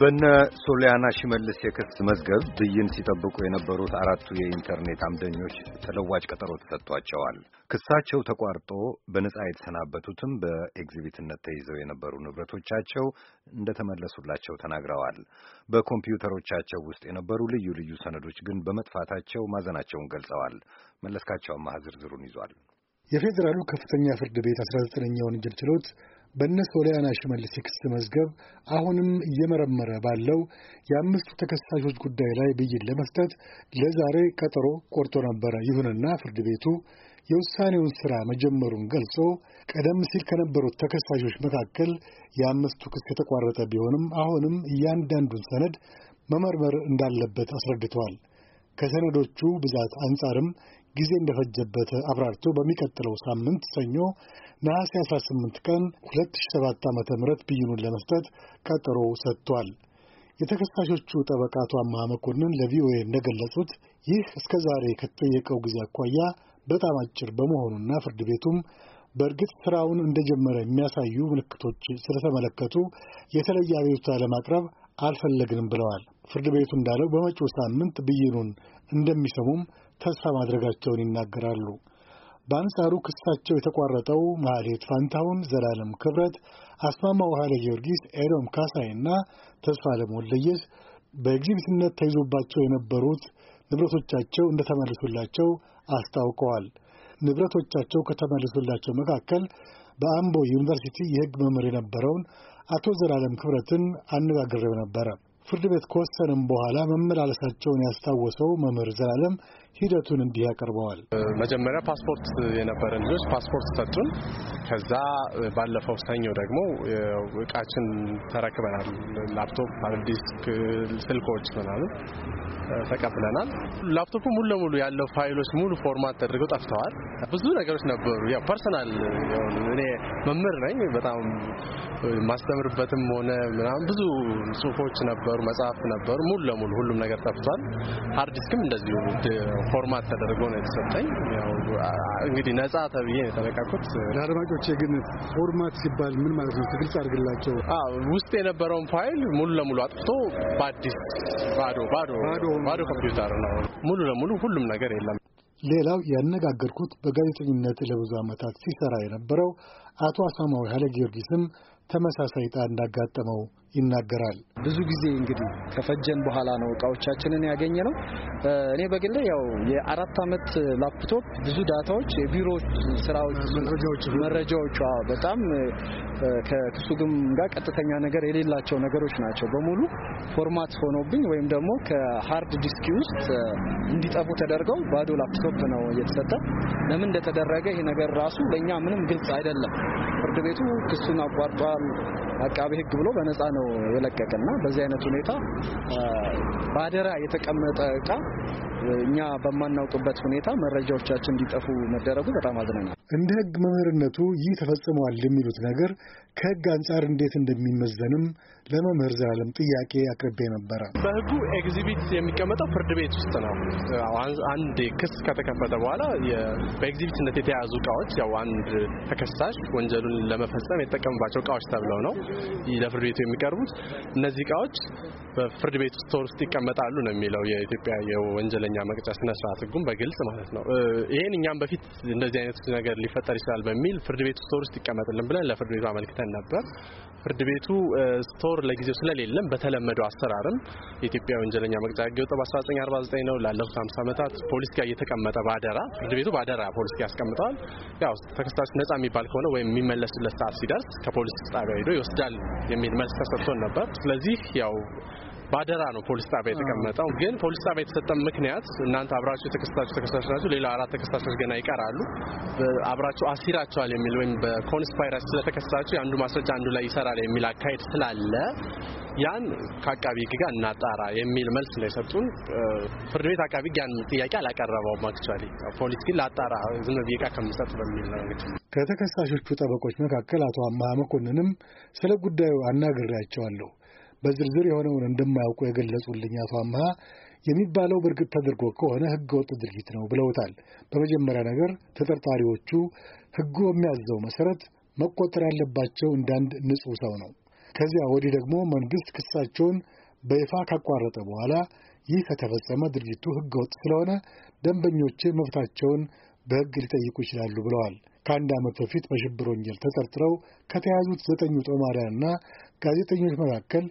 በነ ሶሊያና ሽመልስ የክስ መዝገብ ብይን ሲጠብቁ የነበሩት አራቱ የኢንተርኔት አምደኞች ተለዋጭ ቀጠሮ ተሰጥቷቸዋል። ክሳቸው ተቋርጦ በነጻ የተሰናበቱትም በኤግዚቢትነት ተይዘው የነበሩ ንብረቶቻቸው እንደተመለሱላቸው ተናግረዋል። በኮምፒውተሮቻቸው ውስጥ የነበሩ ልዩ ልዩ ሰነዶች ግን በመጥፋታቸው ማዘናቸውን ገልጸዋል። መለስካቸው አማሃ ዝርዝሩን ይዟል። የፌዴራሉ ከፍተኛ ፍርድ ቤት 19ኛ ወንጀል ችሎት በእነ ሶሊያና ሽመልስ የክስ መዝገብ አሁንም እየመረመረ ባለው የአምስቱ ተከሳሾች ጉዳይ ላይ ብይን ለመስጠት ለዛሬ ቀጠሮ ቆርጦ ነበረ። ይሁንና ፍርድ ቤቱ የውሳኔውን ሥራ መጀመሩን ገልጾ ቀደም ሲል ከነበሩት ተከሳሾች መካከል የአምስቱ ክስ የተቋረጠ ቢሆንም አሁንም እያንዳንዱን ሰነድ መመርመር እንዳለበት አስረድተዋል። ከሰነዶቹ ብዛት አንጻርም ጊዜ እንደፈጀበት አብራርቶ በሚቀጥለው ሳምንት ሰኞ ነሐሴ 18 ቀን 2007 ዓ.ም ብይኑን ለመስጠት ቀጠሮ ሰጥቷል። የተከሳሾቹ ጠበቃ አቶ መኮንን ለቪኦኤ እንደገለጹት ይህ እስከ ዛሬ ከተጠየቀው ጊዜ አኳያ በጣም አጭር በመሆኑና ፍርድ ቤቱም በእርግጥ ስራውን እንደጀመረ የሚያሳዩ ምልክቶች ስለተመለከቱ የተለየ አቤቱታ ለማቅረብ አልፈለግንም ብለዋል። ፍርድ ቤቱ እንዳለው በመጪው ሳምንት ብይኑን እንደሚሰሙም ተስፋ ማድረጋቸውን ይናገራሉ። በአንጻሩ ክሳቸው የተቋረጠው ማህሌት ፋንታሁን፣ ዘላለም ክብረት፣ አስማማ ኃይለ ጊዮርጊስ፣ ኤዶም ካሳይ እና ተስፋለም ወልደየስ በኤግዚቢትነት ተይዞባቸው የነበሩት ንብረቶቻቸው እንደተመልሱላቸው አስታውቀዋል። ንብረቶቻቸው ከተመልሱላቸው መካከል በአምቦ ዩኒቨርሲቲ የሕግ መምህር የነበረውን አቶ ዘላለም ክብረትን አነጋግሬው ነበረ። ፍርድ ቤት ከወሰነም በኋላ መመላለሳቸውን ያስታወሰው መምህር ዘላለም ሂደቱን እንዲህ ያቀርበዋል። መጀመሪያ ፓስፖርት የነበረ ልጆች ፓስፖርት ሰጡን። ከዛ ባለፈው ሰኞ ደግሞ እቃችን ተረክበናል። ላፕቶፕ፣ ሃርድ ስልኮች ምናምን ተቀብለናል። ላፕቶፑ ሙሉ ለሙሉ ያለው ፋይሎች ሙሉ ፎርማት ተደርገው ጠፍተዋል። ብዙ ነገሮች ነበሩ። ያው ፐርሰናል እኔ መምህር ነኝ። በጣም ማስተምርበትም ሆነ ምናምን ብዙ ጽሁፎች ነበሩ፣ መጽሐፍት ነበሩ። ሙሉ ለሙሉ ሁሉም ነገር ጠፍቷል። ሃርድ ዲስክም እንደዚሁ ፎርማት ተደርጎ ነው የተሰጠኝ። እንግዲህ ነጻ ተብዬ ነው የተለቀቁት። ለአድማጮቼ ግን ፎርማት ሲባል ምን ማለት ነው? ትግልጽ አድርግላቸው። ውስጥ የነበረውን ፋይል ሙሉ ለሙሉ አጥፍቶ በአዲስ ባዶ ባዶ ባዶ ኮምፒውተር ነው ሙሉ ለሙሉ ሁሉም ነገር የለም። ሌላው ያነጋገርኩት በጋዜጠኝነት ለብዙ ዓመታት ሲሰራ የነበረው አቶ አሳማዊ ኃይለ ጊዮርጊስም ተመሳሳይ ዕጣ እንዳጋጠመው ይናገራል። ብዙ ጊዜ እንግዲህ ከፈጀን በኋላ ነው እቃዎቻችንን ያገኘ ነው። እኔ በግሌ ያው የአራት አመት ላፕቶፕ ብዙ ዳታዎች፣ የቢሮ ስራዎች፣ መረጃዎች በጣም ከክሱግም ጋር ቀጥተኛ ነገር የሌላቸው ነገሮች ናቸው። በሙሉ ፎርማት ሆኖብኝ ወይም ደግሞ ከሀርድ ዲስክ ውስጥ እንዲጠፉ ተደርገው ባዶ ላፕቶፕ ነው እየተሰጠ። ለምን እንደተደረገ ይሄ ነገር ራሱ ለእኛ ምንም ግልጽ አይደለም። ፍርድ ቤቱ ክሱን አቋርጧል። አቃቢ ህግ ብሎ በነፃ ነው የለቀቀና በዚህ አይነት ሁኔታ በአደራ የተቀመጠ እቃ እኛ በማናውቅበት ሁኔታ መረጃዎቻችን እንዲጠፉ መደረጉ በጣም አዝነናል። እንደ ህግ መምህርነቱ ይህ ተፈጽመዋል የሚሉት ነገር ከህግ አንጻር እንዴት እንደሚመዘንም ለመምህር ዘላለም ጥያቄ አቅርቤ ነበረ። በህጉ ኤግዚቢት የሚቀመጠው ፍርድ ቤት ውስጥ ነው። አንድ ክስ ከተከፈተ በኋላ በኤግዚቢትነት የተያዙ እቃዎች ያው አንድ ተከሳሽ ወንጀሉን ለመፈጸም የተጠቀምባቸው እቃዎች ተብለው ነው ለፍርድ ቤቱ የሚቀርቡት እነዚህ እቃዎች በፍርድ ቤት ስቶር ውስጥ ይቀመጣሉ ነው የሚለው የኢትዮጵያ የወንጀለኛ መቅጫ ስነ ስርዓት ህጉም በግልጽ ማለት ነው። ይሄን እኛም በፊት እንደዚህ አይነት ነገር ሊፈጠር ይችላል በሚል ፍርድ ቤት ስቶር ውስጥ ይቀመጥልን ብለን ለፍርድ ቤቱ አመልክተን ነበር። ፍርድ ቤቱ ስቶር ለጊዜው ስለሌለም በተለመደው አሰራርም የኢትዮጵያ ወንጀለኛ መቅጫ ህግ የወጣው በ1949 ነው። ላለፉት 50 ዓመታት ፖሊስ ጋር እየተቀመጠ ባደራ ፍርድ ቤቱ ባደራ ፖሊስ ጋር ያስቀምጠዋል። ያው ተከሳሽ ነጻ የሚባል ከሆነ ወይም የሚመለስለት ሰዓት ሲደርስ ከፖሊስ ጣቢያ ሄዶ ይወስዳል የሚል መልስ ተሰጥቶን ነበር። ስለዚህ ያው ባደራ ነው ፖሊስ ጣቢያ የተቀመጠው። ግን ፖሊስ ጣቢያ የተሰጠም ምክንያት እናንተ አብራችሁ የተከሰሳችሁ ተከሳሾች ናችሁ፣ ሌላ አራት ተከሳሾች ገና ይቀራሉ፣ አብራችሁ አሲራቸዋል የሚል ወይም በኮንስፓይራሲ ስለተከሰሳችሁ የአንዱ ማስረጃ አንዱ ላይ ይሰራል የሚል አካሄድ ስላለ ያን ከአቃቢ ሕግ ጋር እናጣራ የሚል መልስ ነው የሰጡን። ፍርድ ቤት አቃቢ ሕግ ያን ጥያቄ አላቀረበውም። አክቹዋሊ ፖሊስ ግን ላጣራ ዝም ብዬ ዕቃ ከምሰጥ በሚል ነው እንግዲህ ከተከሳሾቹ ጠበቆች መካከል አቶ አምሃ መኮንንም ስለ ጉዳዩ አናግሬያቸዋለሁ። በዝርዝር የሆነውን እንደማያውቁ የገለጹልኝ አቶ አማሀ የሚባለው በእርግጥ ተደርጎ ከሆነ ሕገ ወጥ ድርጊት ነው ብለውታል። በመጀመሪያ ነገር ተጠርጣሪዎቹ ሕጉ በሚያዘው መሰረት መቆጠር ያለባቸው እንዳንድ ንጹሕ ሰው ነው። ከዚያ ወዲህ ደግሞ መንግስት ክሳቸውን በይፋ ካቋረጠ በኋላ ይህ ከተፈጸመ ድርጊቱ ሕገ ወጥ ስለሆነ ደንበኞቼ መብታቸውን በሕግ ሊጠይቁ ይችላሉ ብለዋል። ከአንድ ዓመት በፊት በሽብር ወንጀል ተጠርጥረው ከተያዙት ዘጠኙ ጦማሪያንና ጋዜጠኞች መካከል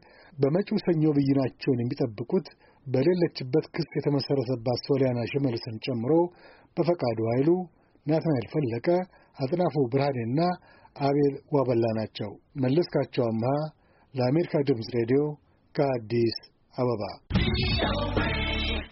በመጪው ሰኞ ብይናቸውን የሚጠብቁት በሌለችበት ክስ የተመሠረተባት ሶሊያና ሽመልስን ጨምሮ በፈቃዱ ኃይሉ፣ ናትናኤል ፈለቀ፣ አጥናፉ ብርሃኔና አቤል ዋበላ ናቸው። መለስካቸው አምሃ ለአሜሪካ ድምፅ ሬዲዮ ከአዲስ አበባ